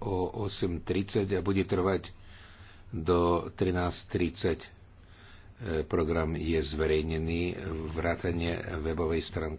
o 8.30 a bude trvať do 13.30. E, program je zverejnený vrátane webovej stránky.